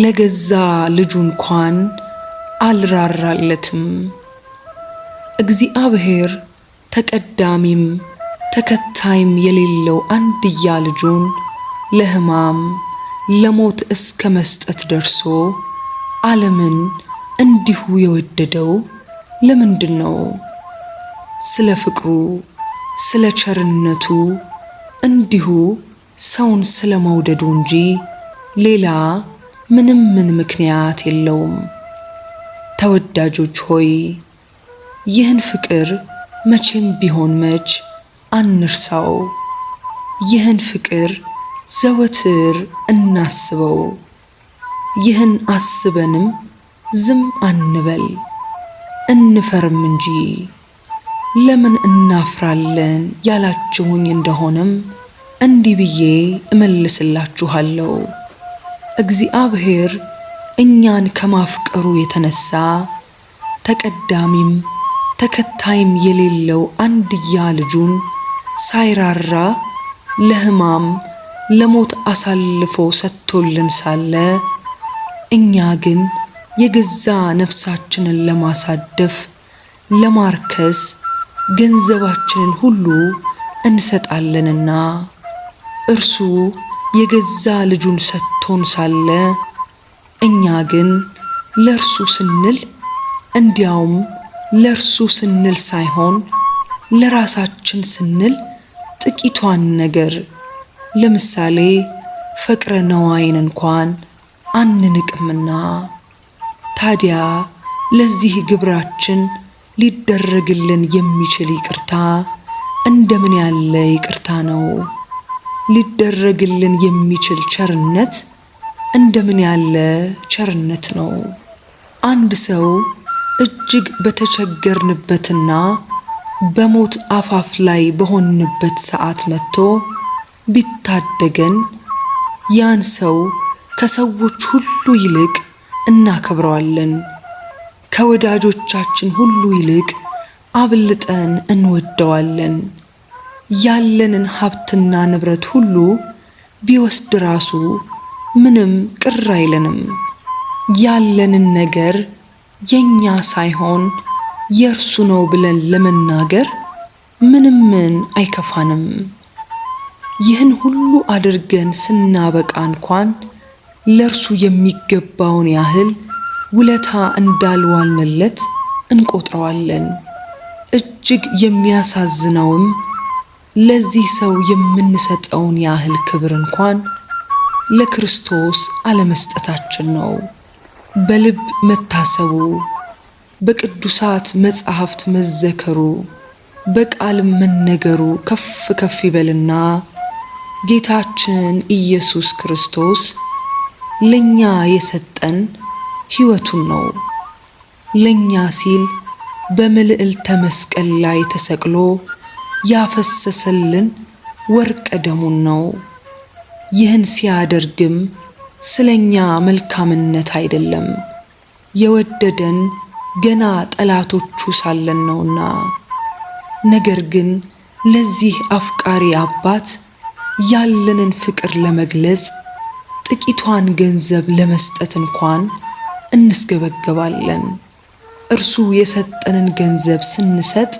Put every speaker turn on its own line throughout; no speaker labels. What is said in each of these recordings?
ለገዛ ልጁ እንኳን አልራራለትም። እግዚአብሔር ተቀዳሚም ተከታይም የሌለው አንድያ ልጁን ለሕማም ለሞት እስከ መስጠት ደርሶ ዓለምን እንዲሁ የወደደው ለምንድን ነው? ስለ ፍቅሩ፣ ስለ ቸርነቱ እንዲሁ ሰውን ስለ መውደዱ እንጂ ሌላ ምንም ምን ምክንያት የለውም። ተወዳጆች ሆይ ይህን ፍቅር መቼም ቢሆን መች አንርሳው። ይህን ፍቅር ዘወትር እናስበው። ይህን አስበንም ዝም አንበል እንፈርም እንጂ። ለምን እናፍራለን ያላችሁኝ እንደሆነም እንዲህ ብዬ እመልስላችኋለሁ። እግዚአብሔር እኛን ከማፍቀሩ የተነሳ ተቀዳሚም ተከታይም የሌለው አንድያ ልጁን ሳይራራ ለሕማም ለሞት አሳልፎ ሰጥቶልን ሳለ እኛ ግን የገዛ ነፍሳችንን ለማሳደፍ ለማርከስ ገንዘባችንን ሁሉ እንሰጣለንና እርሱ የገዛ ልጁን ሰጥቶን ሳለ እኛ ግን ለእርሱ ስንል እንዲያውም ለእርሱ ስንል ሳይሆን ለራሳችን ስንል ጥቂቷን ነገር ለምሳሌ ፍቅረ ነዋይን እንኳን አንንቅምና። ታዲያ ለዚህ ግብራችን ሊደረግልን የሚችል ይቅርታ እንደምን ያለ ይቅርታ ነው? ሊደረግልን የሚችል ቸርነት እንደምን ያለ ቸርነት ነው! አንድ ሰው እጅግ በተቸገርንበትና በሞት አፋፍ ላይ በሆንበት ሰዓት መጥቶ ቢታደገን ያን ሰው ከሰዎች ሁሉ ይልቅ እናከብረዋለን። ከወዳጆቻችን ሁሉ ይልቅ አብልጠን እንወደዋለን። ያለንን ሀብትና ንብረት ሁሉ ቢወስድ ራሱ ምንም ቅር አይለንም። ያለንን ነገር የኛ ሳይሆን የእርሱ ነው ብለን ለመናገር ምንም ምን አይከፋንም። ይህን ሁሉ አድርገን ስናበቃ እንኳን ለእርሱ የሚገባውን ያህል ውለታ እንዳልዋልንለት እንቆጥረዋለን። እጅግ የሚያሳዝነውም ለዚህ ሰው የምንሰጠውን ያህል ክብር እንኳን ለክርስቶስ አለመስጠታችን ነው። በልብ መታሰቡ፣ በቅዱሳት መጻሕፍት መዘከሩ፣ በቃል መነገሩ ከፍ ከፍ ይበልና ጌታችን ኢየሱስ ክርስቶስ ለኛ የሰጠን ሕይወቱን ነው። ለኛ ሲል በምልዕልተ መስቀል ላይ ተሰቅሎ ያፈሰሰልን ወርቀ ደሙን ነው። ይህን ሲያደርግም ስለኛ መልካምነት አይደለም የወደደን ገና ጠላቶቹ ሳለን ነውና። ነገር ግን ለዚህ አፍቃሪ አባት ያለንን ፍቅር ለመግለጽ ጥቂቷን ገንዘብ ለመስጠት እንኳን እንስገበገባለን። እርሱ የሰጠንን ገንዘብ ስንሰጥ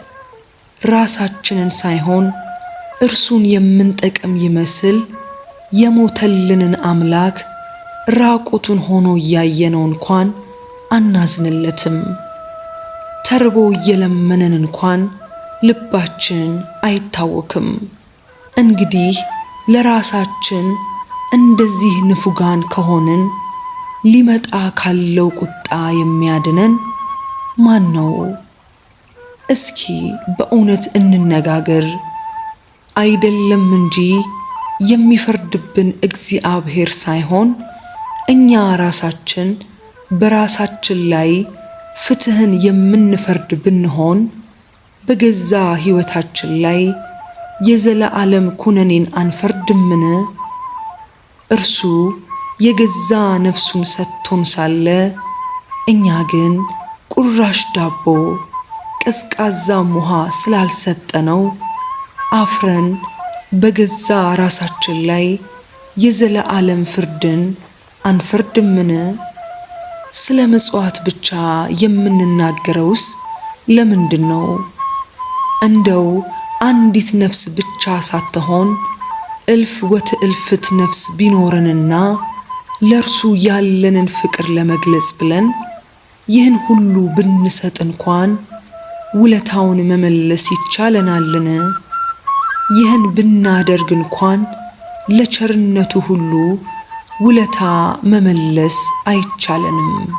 ራሳችንን ሳይሆን እርሱን የምንጠቅም ይመስል የሞተልንን አምላክ ራቁቱን ሆኖ እያየነው እንኳን አናዝንለትም። ተርቦ እየለመነን እንኳን ልባችን አይታወክም። እንግዲህ ለራሳችን እንደዚህ ንፉጋን ከሆንን ሊመጣ ካለው ቁጣ የሚያድነን ማን ነው? እስኪ በእውነት እንነጋገር አይደለም እንጂ የሚፈርድብን እግዚአብሔር ሳይሆን እኛ ራሳችን በራሳችን ላይ ፍትህን የምንፈርድ ብንሆን በገዛ ሕይወታችን ላይ የዘለዓለም ኩነኔን አንፈርድምን? እርሱ የገዛ ነፍሱን ሰጥቶን ሳለ እኛ ግን ቁራሽ ዳቦ ቀዝቃዛም ውሃ ስላልሰጠነው አፍረን በገዛ ራሳችን ላይ የዘለዓለም ፍርድን አንፈርድምን? ስለ መሥዋዕት ብቻ የምንናገረውስ ለምንድን ነው? እንደው አንዲት ነፍስ ብቻ ሳትሆን እልፍ ወትእልፍት ነፍስ ቢኖረንና ለእርሱ ያለንን ፍቅር ለመግለጽ ብለን ይህን ሁሉ ብንሰጥ እንኳን ውለታውን መመለስ ይቻለናልን? ይህን ብናደርግ እንኳን ለቸርነቱ ሁሉ ውለታ መመለስ አይቻለንም።